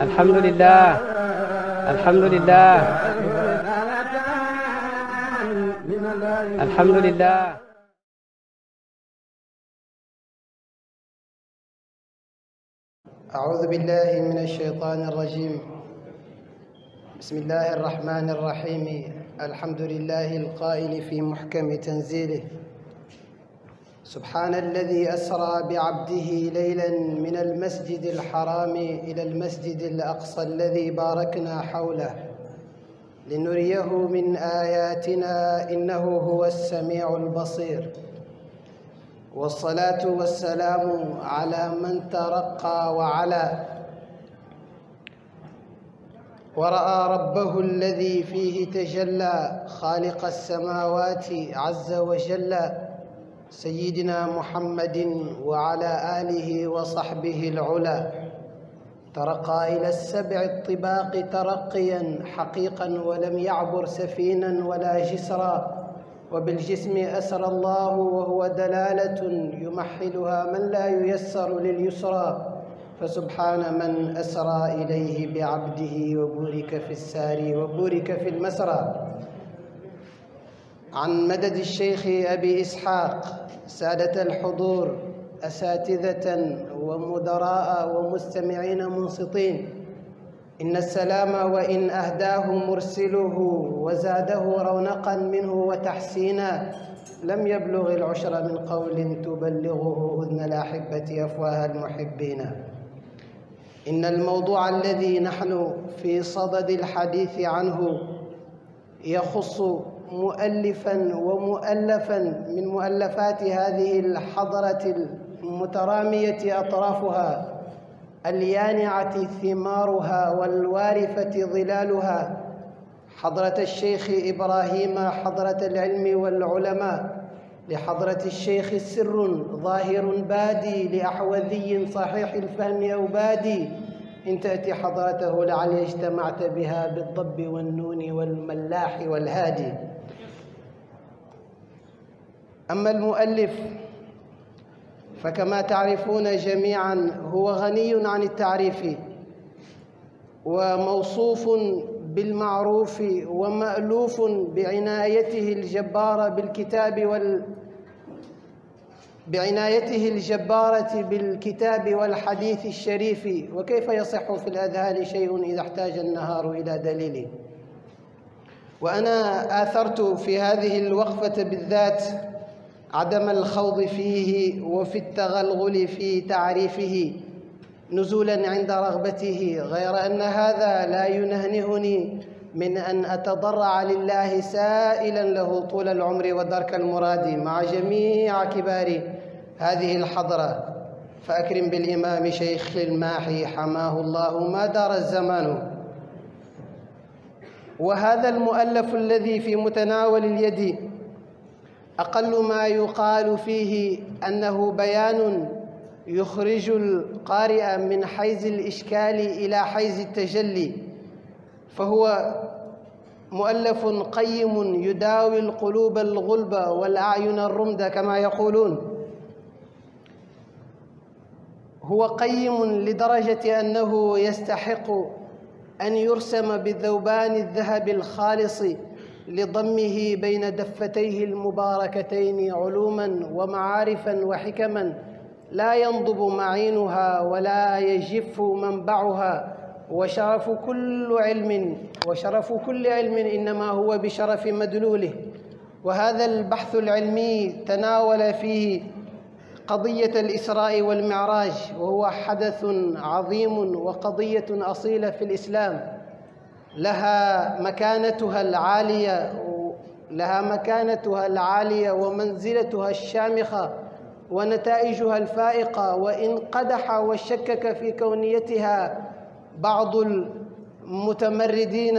alhamdulilah alhamdulilah alhamdulilah. أعوذ بالله من الشيطان الرجيم بسم الله الرحمن الرحيم الحمد لله القائل في محكم تنزيله سبحان الذي أسرى بعبده ليلا من المسجد الحرام إلى المسجد الأقصى الذي باركنا حوله لنريه من آياتنا إنه هو السميع البصير والصلاة والسلام على من ترقى وعلى ورأى ربه الذي فيه تجلى خالق السماوات عز وجل سيدنا محمد وعلى آله وصحبه العلا ترقى إلى السبع الطباق ترقيا حقيقا ولم يعبر سفينا ولا جسرا وبالجسم أسرى الله وهو دلالة يمحلها من لا ييسر لليسرى فسبحان من أسرى إليه بعبده وبورك في الساري وبورك في المسرى عن مدد الشيخ أبي إسحاق سادة الحضور أساتذة ومدراء ومستمعين منصتين إن السلام وإن أهداه مرسله وزاده رونقا منه وتحسينا لم يبلغ العشر من قول تبلغه أذن الأحبة أفواه المحبين إن الموضوع الذي نحن في صدد الحديث عنه يخص مؤلفا ومؤلفا من مؤلفات هذه الحضرة المترامية أطرافها اليانعة ثمارها والوارفة ظلالها حضرة الشيخ إبراهيم حضرة العلم والعلماء لحضرة الشيخ سر ظاهر بادي لأحوذي صحيح الفهم أو بادي إن تأتي حضرته لعلي اجتمعت بها بالضب والنون والملاح والهادي أما المؤلف فكما تعرفون جميعا هو غني عن التعريف وموصوف بالمعروف ومألوف بعنايته الجبارة بالكتاب وال بعنايته الجبارة بالكتاب والحديث الشريف وكيف يصح في الأذهان شيء إذا احتاج النهار إلى دليل وأنا آثرت في هذه الوقفة بالذات عدم الخوض فيه وفي التغلغل في تعريفه نزولا عند رغبته غير أن هذا لا ينهنهني من أن أتضرع لله سائلا له طول العمر ودرك المراد مع جميع كبار هذه الحضرة فأكرم بالإمام شيخ الماحي حماه الله ما دار الزمان وهذا المؤلف الذي في متناول اليد أقل ما يقال فيه أنه بيان يخرج القارئ من حيز الإشكال إلى حيز التجلي فهو مؤلف قيم يداوي القلوب الغلب والأعين الرمد كما يقولون هو قيم لدرجة أنه يستحق أن يرسم بالذوبان الذهب الخالص لضمه بين دفتيه المباركتين علوما ومعارفا وحكما لا ينضب معينها ولا يجف منبعها وشرف كل علم وشرف كل علم إنما هو بشرف مدلوله وهذا البحث العلمي تناول فيه قضية الإسراء والمعراج وهو حدث عظيم وقضية أصيلة في الإسلام لها مكانتها العالية لها مكانتها العالية ومنزلتها الشامخة ونتائجها الفائقة وإن قدح وشكك في كونيتها بعض المتمردين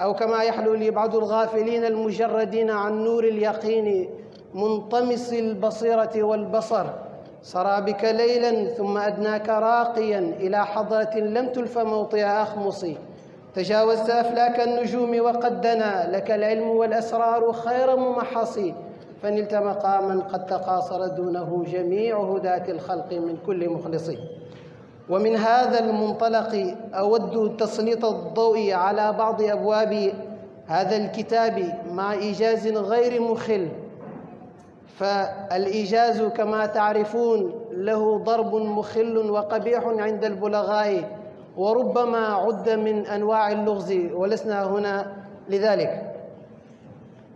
أو كما يحلو لي بعض الغافلين المجردين عن نور اليقين منطمس البصيرة والبصر سرى بك ليلا ثم أدناك راقيا إلى حضرة لم تلف موطئها أخمصي تجاوزت أفلاك النجوم وقدنا لك العلم والأسرار خير ممحصي فنلت مقاما قد تقاصر دونه جميع هداة الخلق من كل مخلص ومن هذا المنطلق أود تسليط الضوء على بعض أبواب هذا الكتاب مع إيجاز غير مخل فالإيجاز كما تعرفون له ضرب مخل وقبيح عند البلغاء وربما عد من أنواع اللغز ولسنا هنا لذلك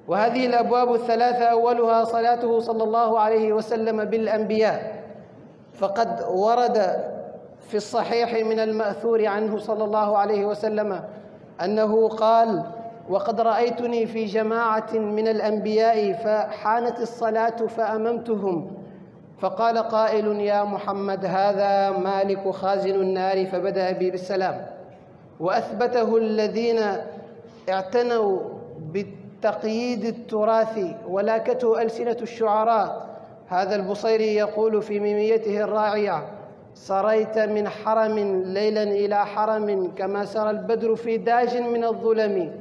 وهذه الأبواب الثلاثة أولها صلاته صلى الله عليه وسلم بالأنبياء فقد ورد في الصحيح من المأثور عنه صلى الله عليه وسلم أنه قال وقد رأيتني في جماعة من الأنبياء فحانت الصلاة فأممتهم فقال قائل يا محمد هذا مالك خازن النار فبدأ بي بالسلام وأثبته الذين اعتنوا بالتقييد التراثي ولاكته ألسنة الشعراء هذا البصيري يقول في ميميته الراعية سريت من حرم ليلا إلى حرم كما سرى البدر في داج من الظلم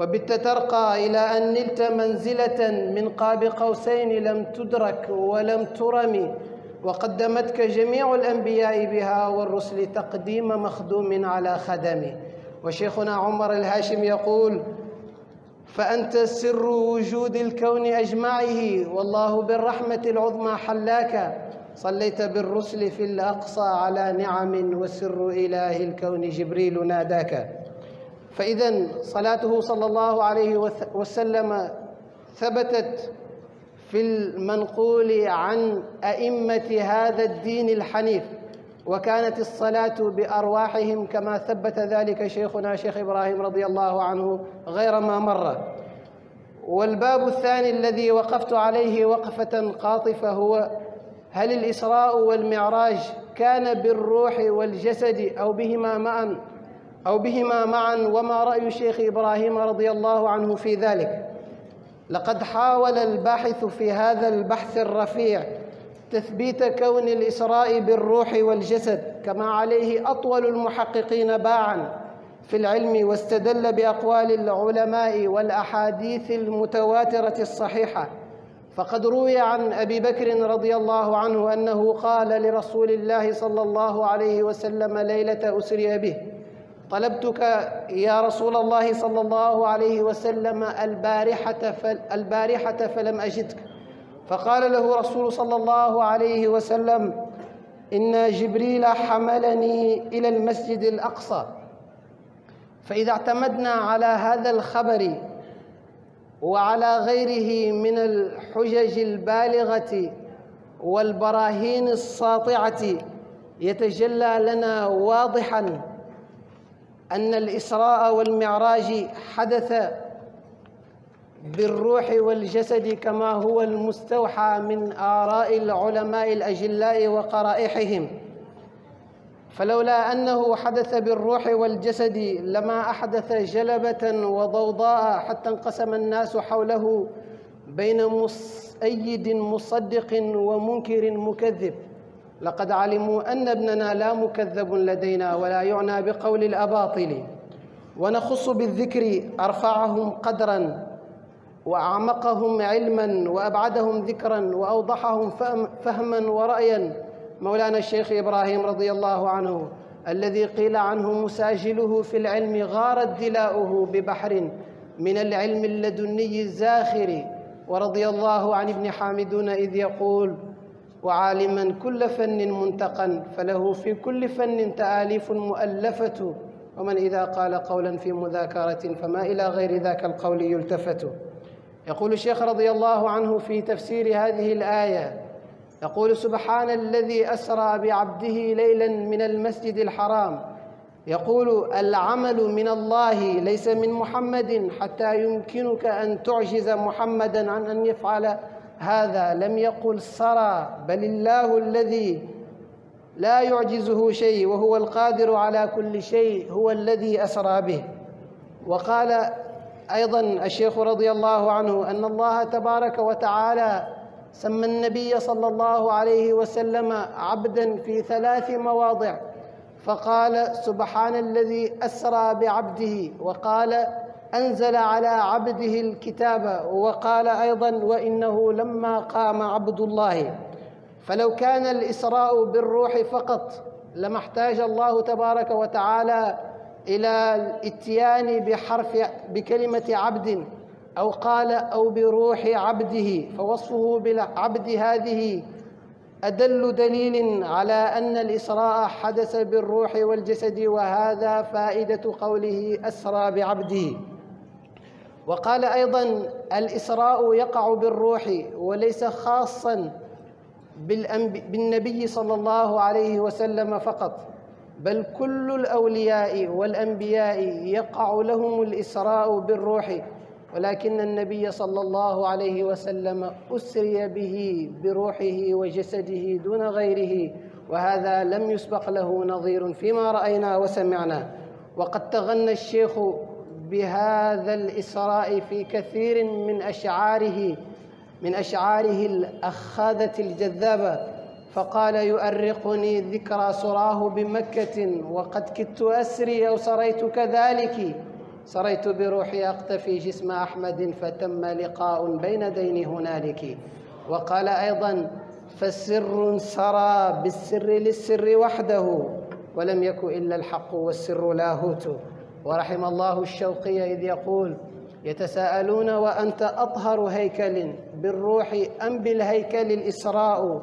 وبالتترقى إلى أن نلت منزلة من قاب قوسين لم تدرك ولم ترم وقدمتك جميع الأنبياء بها والرسل تقديم مخدوم على خدم وشيخنا عمر الهاشم يقول فأنت سر وجود الكون أجمعه والله بالرحمة العظمى حلاك صليت بالرسل في الأقصى على نعم وسر إله الكون جبريل ناداك فإذا صلاته صلى الله عليه وسلم ثبتت في المنقول عن أئمة هذا الدين الحنيف وكانت الصلاة بأرواحهم كما ثبت ذلك شيخنا شيخ إبراهيم رضي الله عنه غير ما مر والباب الثاني الذي وقفت عليه وقفة قاطفة هو هل الإسراء والمعراج كان بالروح والجسد أو بهما معا أو بهما معا وما رأي الشيخ إبراهيم رضي الله عنه في ذلك لقد حاول الباحث في هذا البحث الرفيع تثبيت كون الإسراء بالروح والجسد كما عليه أطول المحققين باعا في العلم واستدل بأقوال العلماء والأحاديث المتواترة الصحيحة فقد روي عن أبي بكر رضي الله عنه أنه قال لرسول الله صلى الله عليه وسلم ليلة أسري به طلبتك يا رسول الله صلى الله عليه وسلم البارحة, فل البارحة فلم أجدك فقال له رسول صلى الله عليه وسلم إن جبريل حملني إلى المسجد الأقصى فإذا اعتمدنا على هذا الخبر وعلى غيره من الحجج البالغة والبراهين الساطعة يتجلى لنا واضحاً أن الإسراء والمعراج حدث بالروح والجسد كما هو المستوحى من آراء العلماء الأجلاء وقرائحهم فلولا أنه حدث بالروح والجسد لما أحدث جلبة وضوضاء حتى انقسم الناس حوله بين مؤيد مصدق ومنكر مكذب لقد علموا أن ابننا لا مكذب لدينا ولا يعنى بقول الأباطل ونخص بالذكر أرفعهم قدرا وأعمقهم علما وأبعدهم ذكرا وأوضحهم فهما ورأيا مولانا الشيخ إبراهيم رضي الله عنه الذي قيل عنه مساجله في العلم غارت دلاؤه ببحر من العلم اللدني الزاخر ورضي الله عن ابن حامدون إذ يقول وعالما كل فن منتقا فله في كل فن تآليف مؤلفة ومن إذا قال قولا في مذاكرة فما إلى غير ذاك القول يلتفت يقول الشيخ رضي الله عنه في تفسير هذه الآية يقول سبحان الذي أسرى بعبده ليلا من المسجد الحرام يقول العمل من الله ليس من محمد حتى يمكنك أن تعجز محمدا عن أن يفعل هذا لم يقل سرى بل الله الذي لا يعجزه شيء وهو القادر على كل شيء هو الذي أسرى به وقال أيضا الشيخ رضي الله عنه أن الله تبارك وتعالى سمى النبي صلى الله عليه وسلم عبدا في ثلاث مواضع فقال سبحان الذي أسرى بعبده وقال أنزل على عبده الكتاب وقال أيضا وإنه لما قام عبد الله فلو كان الإسراء بالروح فقط لما احتاج الله تبارك وتعالى إلى الاتيان بحرف بكلمة عبد أو قال أو بروح عبده فوصفه بالعبد هذه أدل دليل على أن الإسراء حدث بالروح والجسد وهذا فائدة قوله أسرى بعبده وقال أيضا الإسراء يقع بالروح وليس خاصا بالنبي صلى الله عليه وسلم فقط بل كل الأولياء والأنبياء يقع لهم الإسراء بالروح ولكن النبي صلى الله عليه وسلم أسري به بروحه وجسده دون غيره وهذا لم يسبق له نظير فيما رأينا وسمعنا وقد تغنى الشيخ بهذا الإسراء في كثير من أشعاره من أشعاره الأخاذة الجذابة فقال يؤرقني ذكرى سراه بمكة وقد كدت أسري أو سريت كذلك سريت بروحي أقتفي جسم أحمد فتم لقاء بين دين هنالك وقال أيضا فسر سرى بالسر للسر وحده ولم يك إلا الحق والسر لاهوت ورحم الله الشوقي إذ يقول يتساءلون وأنت أطهر هيكل بالروح أم بالهيكل الإسراء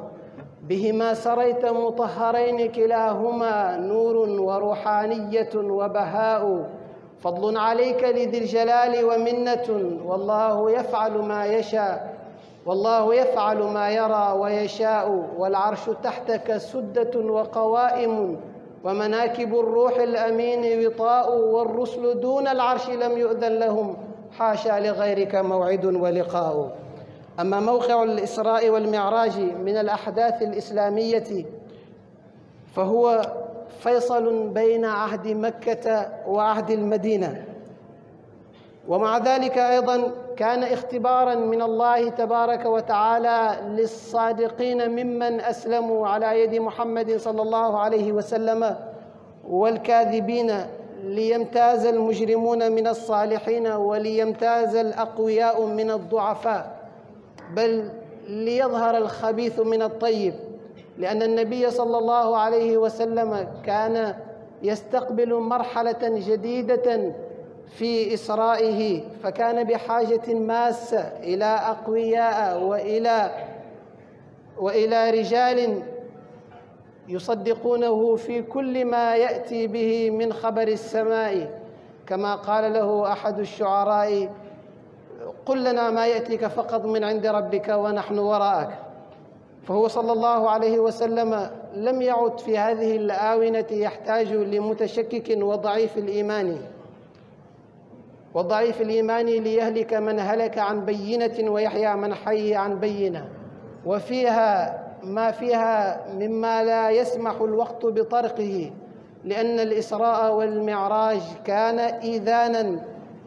بهما سريت مطهرين كلاهما نور وروحانية وبهاء فضل عليك لذي الجلال ومنة والله يفعل ما يشاء والله يفعل ما يرى ويشاء والعرش تحتك سدة وقوائم ومناكب الروح الأمين وطاء والرسل دون العرش لم يؤذن لهم حاشا لغيرك موعد ولقاء أما موقع الإسراء والمعراج من الأحداث الإسلامية فهو فيصل بين عهد مكة وعهد المدينة ومع ذلك أيضاً كان اختبارا من الله تبارك وتعالى للصادقين ممن اسلموا على يد محمد صلى الله عليه وسلم والكاذبين ليمتاز المجرمون من الصالحين وليمتاز الاقوياء من الضعفاء بل ليظهر الخبيث من الطيب لان النبي صلى الله عليه وسلم كان يستقبل مرحله جديده في إسرائه فكان بحاجة ماسة إلى أقوياء وإلى وإلى رجال يصدقونه في كل ما يأتي به من خبر السماء كما قال له أحد الشعراء قل لنا ما يأتيك فقط من عند ربك ونحن وراءك فهو صلى الله عليه وسلم لم يعد في هذه الآونة يحتاج لمتشكك وضعيف الإيمان وضعيف الإيمان ليهلك من هلك عن بينة ويحيى من حي عن بينة وفيها ما فيها مما لا يسمح الوقت بطرقه لأن الإسراء والمعراج كان إيذانا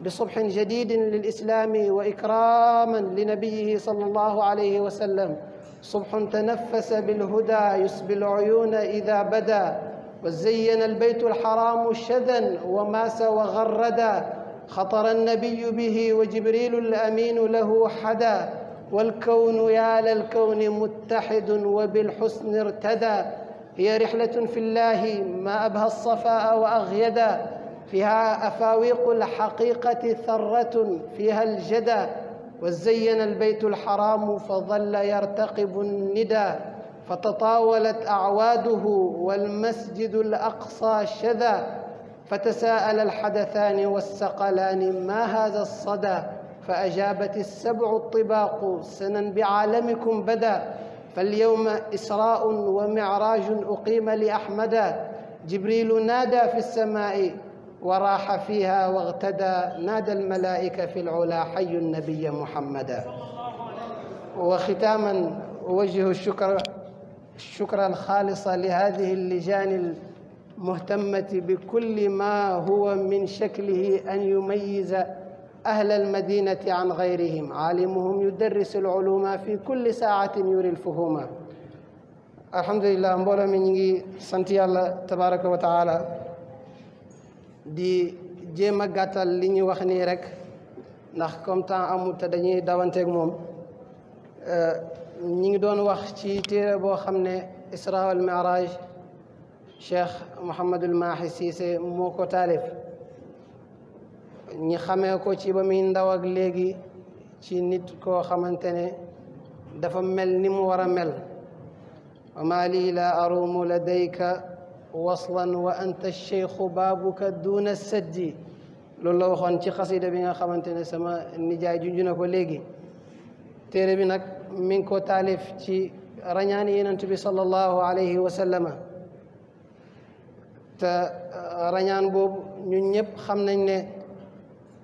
بصبح جديد للإسلام وإكراما لنبيه صلى الله عليه وسلم صبح تنفس بالهدى يسبي العيون إذا بدا وزين البيت الحرام شذا وماس وغردا خطر النبي به وجبريل الأمين له حدا والكون يا للكون متحد وبالحسن ارتدى هي رحلة في الله ما أبهى الصفاء وأغيدا فيها أفاويق الحقيقة ثرة فيها الجدى وزين البيت الحرام فظل يرتقب الندى فتطاولت أعواده والمسجد الأقصى شذا فتساءل الحدثان والثقلان ما هذا الصدى فأجابت السبع الطباق سنا بعالمكم بدا فاليوم إسراء ومعراج أقيم لأحمدا جبريل نادى في السماء وراح فيها واغتدى نادى الملائكة في العلا حي النبي محمدا وختاما أوجه الشكر الشكر الخالص لهذه اللجان مهتمة بكل ما هو من شكله أن يميز أهل المدينة عن غيرهم عالمهم يدرس العلوم في كل ساعة يري الفهوم الحمد لله مبولا من نجي سنتي الله تبارك وتعالى دي jéem a gàttal li ñu wax nii rek ndax comme temps amul te dañuy dawanteeg moom ñi ngi doon wax ci téere boo xam ne Isra wal Mi'raj cheikh Mouhamadul Mahi Cissé moo ko taalif ñi xamee ko ci ba muy ndaw léegi ci nit koo xamante ne dafa mel ni mu war a mel wa maa lii laa arumu ladayka waslan wa anta cheikhu baabuka duuna saddi loolu la waxoon ci xasida bi nga xamante ne sama nijaay junju na ko léegi téere bi nag mi ngi ko taalif ci rañaani yenentu bi sallallahu alayhi wa te eh, rañaan boobu ñun ñëpp xam nañ ne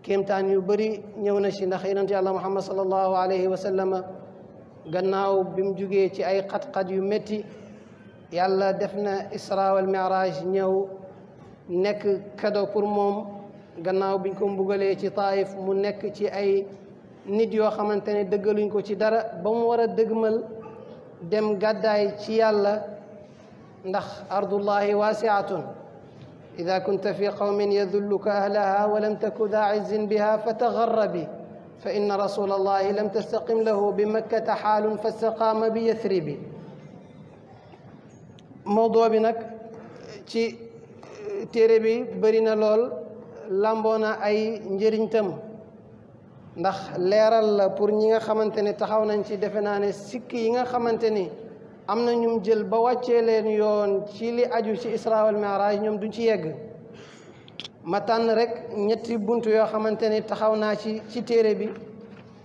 kéemtaan yu bari ñëw na ci ndax yonent yàlla muhammad sallallahu alayhi wa sallam gannaaw bi mu jugee ci ay xat-xat yu metti yàlla def na isra wal miraj ñëw nekk kado pour moom gannaaw biñ ko mbugalee ci taif mu nekk ci ay nit yoo xamante ne dëggaluñ ko ci dara ba mu war a dëgmal dem gàddaay ci yàlla ndax ardullahi waasiatun إذا كنت في قوم يذلك أهلها ولم تك ذا عز بها فتغر بي فإن رسول الله لم تستقم له بمكة حال فاستقام بيثرب موضوع bi nag ci téere bi bëri na lool lamboo na ay njëriñtam ndax leeral la pour ñi nga xamante ne taxaw nañ ci defe naa ne sikk yi nga xamante ni am na ñum jël ba wàccee leen yoon ci li aju ci isra wal mi'raj ñoom duñ ci yegg ma tànn rek ñetti bunt yoo xamante ni taxaw naa ci ci téere bi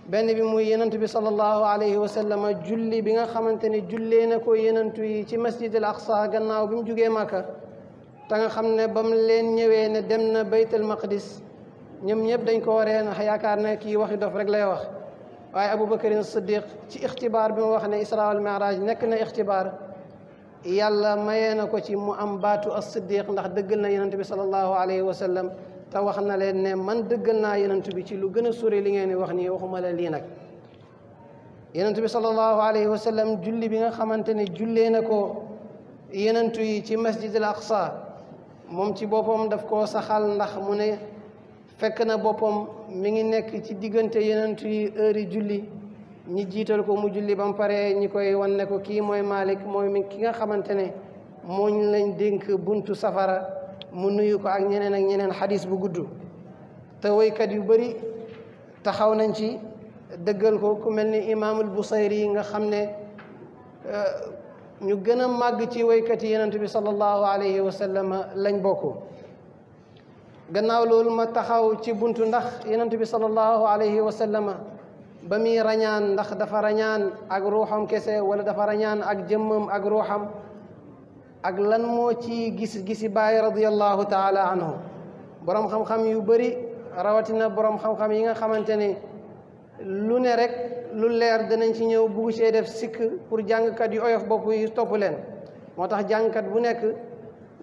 benn bi muy yenant bi sallallahu alayhi wa sallam julli bi nga xamante ni jullee na ko yenantu yi ci masjid al aqsa gannaaw bi mu jógee màkka te nga xam ne ba mu leen ñëwee ne dem na bayt al maqdis ñoom ñëpp dañ ko waree na yaakaar ne kii waxi dof rek lay wax waaye aboubacarin siddiq ci ixtibaar bi mu wax ne isra wal miraaj nekk na ixtibaar yàlla mayee na ko ci mu am baatu as siddiq ndax dëggal na yonent bi sallallahu alayhi wa sallam te wax na leen ne man dëggal naa yonent bi ci lu gën a sori li ngeen di wax nii waxuma la lii nag yonent bi sallallahu alayhi wa sallam julli bi nga xamante ne jullee na ko yonent yi ci masjidil aqsa moom ci boppam daf koo saxal ndax mu ne fekk na boppam mi ngi nekk ci diggante yenentu yi heure yi julli ñi jiital ko mu julli bam pare ñi koy wane ko kii mooy Malik mooy mi ki nga xamante ne mooñ lañ dénk buntu safara mu nuyu ko ak ñeneen ak ñeneen xadis bu gudd te woykat yu bëri taxaw nañ ci dëggal ko ku mel ni imaamul Busayri yi nga xam ne euh, ñu gën a màgg ci woykat yi yenentu bi sallallahu alayhi wa lañ bokk gannaaw loolu ma taxaw ci bunt ndax yonent bi sallallahu alayhi wa sallama ba muy rañaan ndax dafa rañaan ak ruuxam kese wala dafa rañaan ak jëmmam ak ruuxam ak lan moo ci gis gisi baay radiyallahu taala anhu boroom xam yu bëri rawatina boroom xam-xam yi nga xamante ne lu ne rek lu leer danañ ci ñëw bugg cee def sikk pour jàngkat yu oyof bopp yi topp leen moo tax jàngkat bu nekk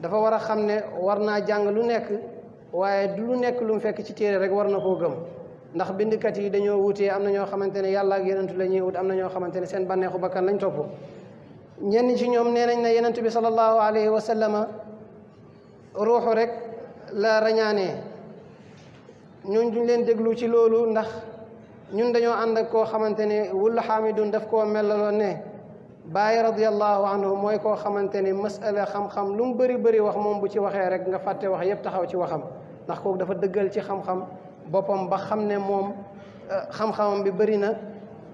dafa war a xam ne war naa jàng lu nekk waaye du nekk lu mu fekk ci téere rek war na ko gëm ndax bindkat yi dañoo wute am na ñoo xamante ne yàlla ak yenentu la ñuy wut am na ñoo xamante ne seen bànneexu bakkan lañ topp ñenn ci ñoom nee nañ na yenentu bi sallallahu alayhi wa sallama ruuxu rek la rañaanee ñun duñ leen déglu ci loolu ndax ñun dañoo ànd koo xamante ne wul xaamidun daf koo melaloon ne bàyyi radiallahu anhu mooy koo xamante ni masala xam-xam lu mu bëri bëri wax moom bu ci waxee rek nga fàtte wax yépp taxaw ci waxam ndax kooku dafa dëggal ci xam-xam boppam ba xam ne moom euh, xam-xamam bi bëri na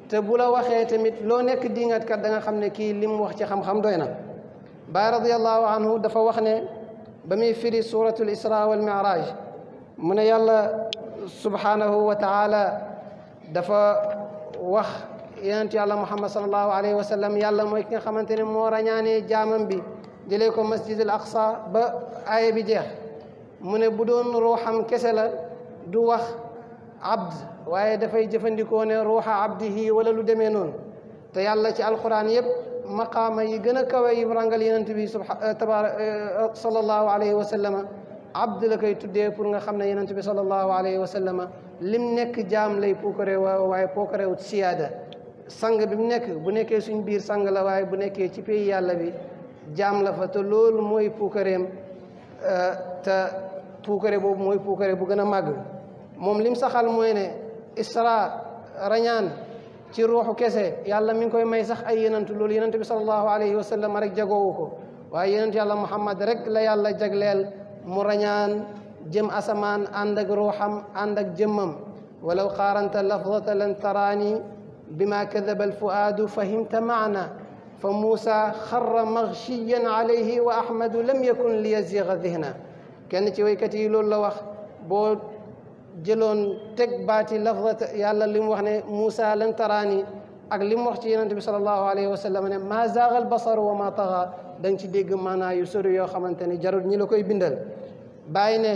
te bu la waxee tamit loo nekk diingat kat da nga xam ne kii li mu wax ci xam-xam doy na bàyyi radiallahu anhu dafa wax ne ba muy firi suratul isra wal miraj mu ne yàlla subhanahu wa taala dafa wax yonent yàlla muhammad salallahu alayhi wa sallam yàlla mooy nga xamante ne moo rañaanee jaamam bi jëlee ko masjid al aqsa ba aaya bi jeex mu ne bu doon ruuxam kese la du wax abd waaye dafay jëfandikoo ne ruuxa abdihi wala lu demee noonu te la ci alquran yëpp maqaama yi gën a kawe yi rangal yonent bi subha eh, tabaara eh, salallahu alayhi wa sallama abd la koy tuddee pour nga xam ne yonent bi salallahu alayhi wa lim nekk jaam lay puukare waaye puukare wut siyaada sang bi mu nekk bu nekkee suñ biir sang la waaye bu nekkee ci pays yàlla bi jaam la fa te loolu mooy puukareem euh, te puukare boobu mooy puukare bu gën a màgg moom lim saxal mooy ne isra rañaan ci ruuxu kese yàlla mi ngi koy may sax ay yenantu loolu yenantu bi sallallahu alayhi wa sallam rek jagoowu ko waaye yenantu yàlla muhammad rek la yàlla jagleel mu rañaan jëm asamaan ànd ak ruuxam ànd ak jëmmam walaw qaaranta lafdata lan taraani بما كذب الفؤاد فهمت معنا فموسى خر مغشيا عليه وأحمد لم يكن ليزيغ ذهنا kenn ci waykat yi loolu la wax boo jëloon teg baati lafzat yàlla li mu wax ne Moussa lan taraani ak li mu wax ci yonent bi sallallahu alayhi wa sallam ne maa zaagal basar wa maa taxa da nga ci dégg maanaa yu sori yoo xamante ne jarul ñi la koy bindal bàyyi ne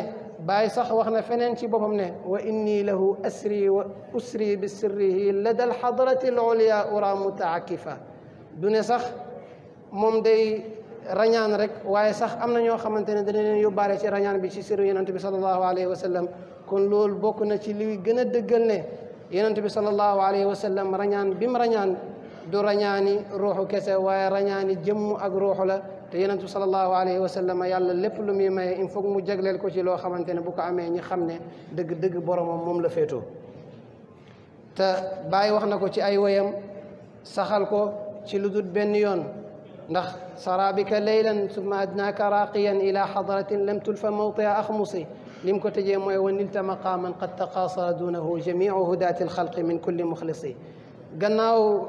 bàyyi sax wax na feneen ci boppam ne wa inni lahu asri wa usri bi sirrihi lada alxadrati alulia ura mutaakifa du ne sax moom day rañaan rek waaye sax am na ñoo xamante ne dana leen yóbbaale ci rañaan bi ci sirru yonent bi salallahu alayhi wa sallam kon loolu bokk na ci li gën a dëggal ne yonent bi salallahu alayhi wa sallam rañaan bi mu rañaan du rañaani ruuxu kese waaye rañaani jëmm ak ruuxu te yonentu sallallahu alayhi wa sallam yàlla lépp lu muy maye il faut mu jagleel ko ci loo xamante ne bu ko amee ñi xam ne dëgg-dëgg boromam moom la féetoo wax na ko ci ay woyam saxal ko ci lu dul benn yoon ndax sarabika leylan summa adnaaka raqiyan ila xadratin lam tulfa mawtia axmusi li mu ko tëjee mooy wa nilta maqaaman qad taqaasara duunahu jamiu hudaati alxalqi min kulli muxlisi gannaaw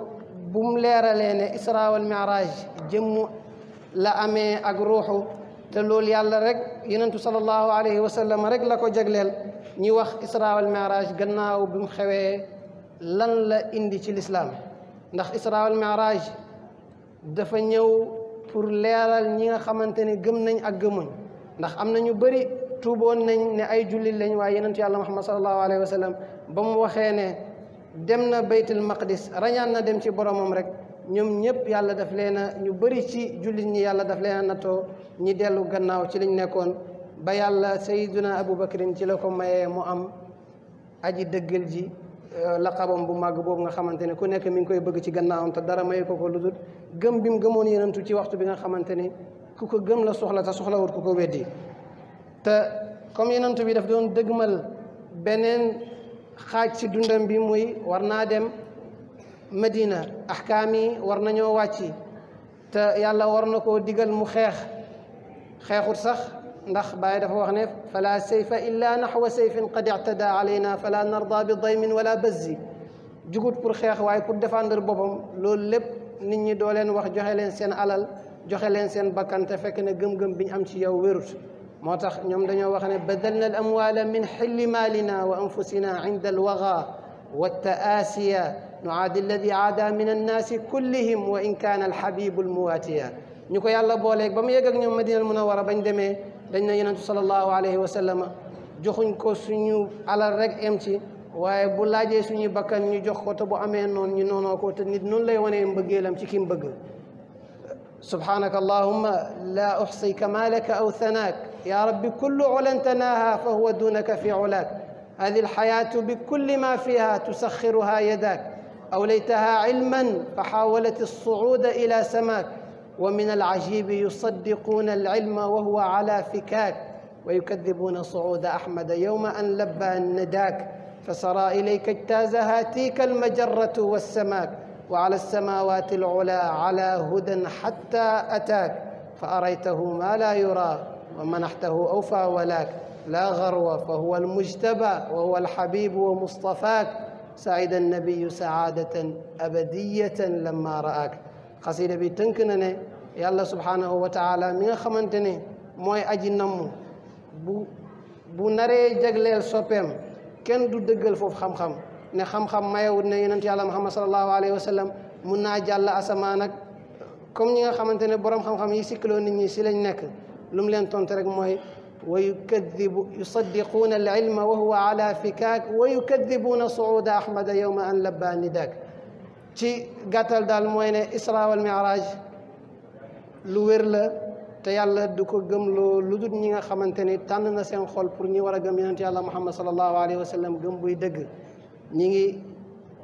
bu mu leeralee ne isra wal miraaj jëmmu la amee ak ruuxu te loolu yàlla rek yenentu sallallahu alayhi wa sallam rek la ko jegleel ñi wax isra wal gannaaw bi mu xewee lan la indi ci lislaam ndax isra wal dafa ñëw pour leeral ñi nga xamante ne gëm nañ ak gëmuñ ndax am na ñu bëri tuuboon nañ ne ay jullit lañ waaye yenentu yàlla muhammad sallallahu alayhi wa sallam ba mu waxee ne dem na baytul maqdis rañaan na dem ci boromam rek ñoom ñëpp yàlla daf leen ñu bari ci jullit ñi yàlla daf leen na nattoo ñi dellu gannaaw ci lañu nekkoon ba yàlla abu abubakarin ci la ko mayee mu am aji dëggal ji euh, laqabam bu màgg boobu nga xamante ne ku nekk mi ngi koy bëgg ci gannaawam te dara maye ko ko lu dul gëm bi mu gëmoon yenentu ci waxtu bi nga xamante ne ku ko gëm la soxla te soxlawut ku ko weddi te comme yenentu bi daf doon dëgmal beneen xaaj si dundam bi muy war naa dem madina axkaam yi war nañoo wàcci te yàlla war na koo digal mu xeex xeexut sax ndax Baay dafa wax ne fala sayfa illa naxwa sayfin qad ictada alayna fala narda bi daymin wala bazzi jugut pour xeex waaye pour défendre boppam loolu lépp nit ñi doo leen wax joxe leen seen alal joxe leen seen bakkan te fekk gëm-gëm biñ am ci yow wérut moo tax ñoom dañoo wax ne badalna al amwala min xilli maalina wa anfusina inda alwaga wa taasiya nuaadi alladi aada min annaasi kullihim wa in kaana alxabibu almuwaatiya ñu ko yàlla booleeg ba mu yegg ak ñoom madinal munawara bañ demee dañ ne yonentu sallallahu alayhi wa sallama joxuñ ko suñu alal rek em ci waaye bu laajee suñuy bakkan ñu jox ko te bu amee noonu ñu noonoo ko te nit noonu lay wanee mbëggeelam ci kim bëgg subhanaka allahumma laa uxsi kamalaka aw thanaak ya rabbi kullu olan tanaaha fa huwa dunaka fi olaak hadi alxayaatu bi kulli ma fiha tusaxiruha yadak أوليتها علما فحاولت الصعود إلى سماك ومن العجيب يصدقون العلم وهو على فكاك ويكذبون صعود أحمد يوم أن لبى النداك فسرى إليك اجتاز هاتيك المجرة والسماك وعلى السماوات العلا على هدى حتى أتاك فأريته ما لا يرى ومنحته أوفى ولاك لا غرو فهو المجتبى وهو الحبيب ومصطفاك saida nabiyu saadatan abadiyatan lamma raak xasida bi tënk na ne yàlla subhanahu wa taala mi nga xamante ne mooy aji namm bu bu naree jagleel soppeem kenn du dëggal foofu xam-xam ne xam-xam mayewut ne yonent yàlla muhammad salallahu alayhi wa sallam mun naa jàll asamaan ak comme ñi nga xamante ne borom xam-xam yi sikkiloo ni ñi si lañ nekk lu mu leen tontu rek mooy ويكذب يصدقون العلم وهو على فكاك ويكذبون صعود أحمد يوم أن لبى نداك ci gàttal daal mooy ne isra wal miraaj lu wér la te yàlla du ko gëmloo lu dul ñi nga xamante ni tànn na seen xol pour ñi war a gëm yonent yàlla muhammad sallallahu alayhi wa sallam gëm buy dëgg ñi ngi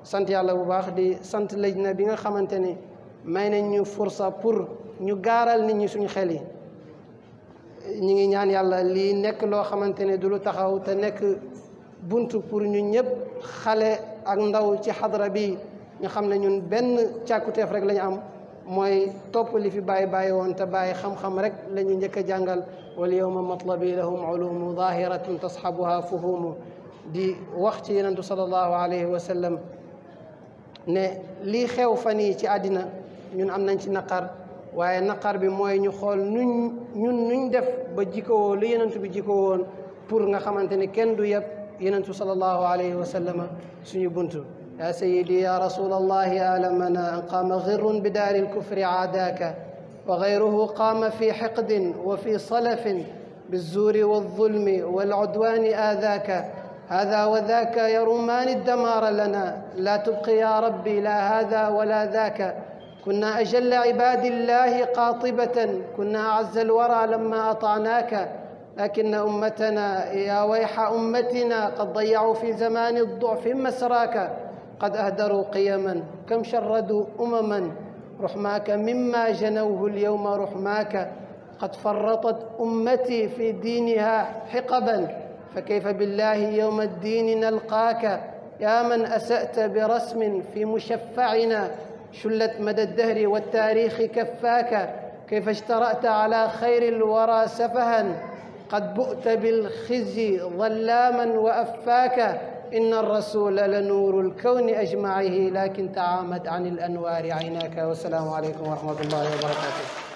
sant yàlla bu baax di sant lëj bi nga xamante ni may nañ ñu fursa pour ñu gaaral nit ñi suñu xel yi ñi ngi ñaan yàlla lii nekk loo xamante ne du lu taxaw te nekk bunt pour ñu ñëpp xale ak ndaw ci xadra bi ñu xam ne ñun benn càkkuteef rek la ñu am mooy topp li fi bàyyi bàyyi woon te bàyyi xam-xam rek lañu ñu njëkk a jàngal wal yowma matlabi lahum ulumu zahiratun tasxabuha fuhumu di wax ci yenentu sallallahu alayhi wa sallam ne lii xew fan yi ci àddina ñun am nañ ci naqar waaye naqar bi mooy ñu xool nuñ ñun nuñ def ba jikkoo li yenentu bi jikko woon pour nga xamante ne kenn du yab yenentu sallallahu alayhi wa sallama suñu buntu ya sayidi ya rasul allahi alamana an qaama girrun bi daari lkufri aadaaka wa gayruhu qaama fi xiqdin wa fi salafin بالزور والظلم والعدوان آذاك هذا وذاك يرمان الدمار لنا لا تبقي يا ربي لا هذا ولا ذاك كنا أجل عباد الله قاطبة كنا أعز الورى لما أطعناك لكن أمتنا يا ويح أمتنا قد ضيعوا في زمان الضعف مسراك قد أهدروا قيما كم شردوا أمما رحماك مما جنوه اليوم رحماك قد فرطت أمتي في دينها حقبا فكيف بالله يوم الدين نلقاك يا من أسأت برسم في مشفعنا شلت مدى الدهر والتاريخ كفاك كيف اشترأت على خير الورى سفها قد بؤت بالخزي ظلاما وأفاك إن الرسول لنور الكون أجمعه لكن تعامت عن الأنوار عيناك والسلام عليكم ورحمة الله وبركاته